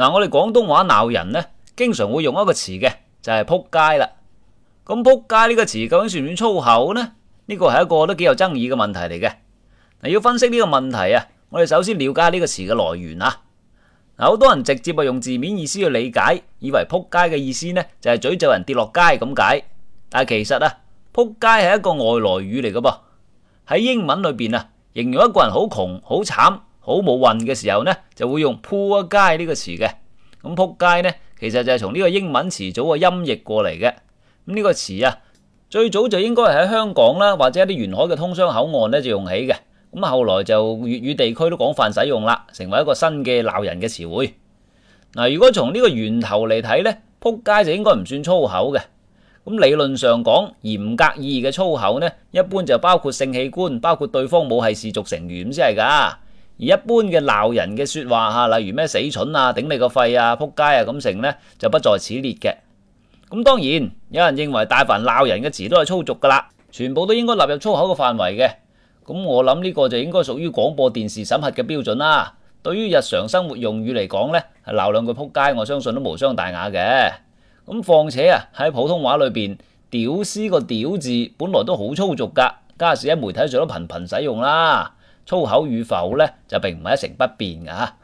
嗱，我哋廣東話鬧人呢，經常會用一個詞嘅，就係仆街啦。咁仆街呢個詞究竟算唔算粗口呢？呢個係一個都幾有爭議嘅問題嚟嘅。要分析呢個問題啊，我哋首先了解呢個詞嘅來源啊。好多人直接啊用字面意思去理解，以為仆街嘅意思呢，就係詛咒人跌落街咁解。但係其實啊，仆街係一個外來語嚟嘅噃，喺英文裏邊啊，形容一個人好窮，好慘，好冇運嘅時候呢，就會用仆街呢個詞嘅。咁仆街呢，其實就係從呢個英文詞組嘅音譯過嚟嘅。咁呢個詞啊，最早就應該係喺香港啦，或者一啲沿海嘅通商口岸呢，就用起嘅。咁後來就粵語地區都廣泛使用啦，成為一個新嘅鬧人嘅詞彙。嗱，如果從呢個源頭嚟睇呢，仆街就應該唔算粗口嘅。咁理論上講，嚴格意義嘅粗口呢，一般就包括性器官，包括對方母系氏族成員先係㗎。而一般嘅鬧人嘅説話嚇，例如咩死蠢啊、頂你個肺啊、仆街啊，咁成呢就不在此列嘅。咁當然，有人認為大凡鬧人嘅詞都係粗俗噶啦，全部都應該納入粗口嘅範圍嘅。咁我諗呢個就應該屬於廣播電視審核嘅標準啦。對於日常生活用語嚟講咧，鬧兩句仆街，我相信都無傷大雅嘅。咁況且啊，喺普通話裏邊，屌絲個屌字本來都好粗俗噶，加上喺媒體上都頻頻使用啦。粗口與否咧，就並唔係一成不變嘅吓。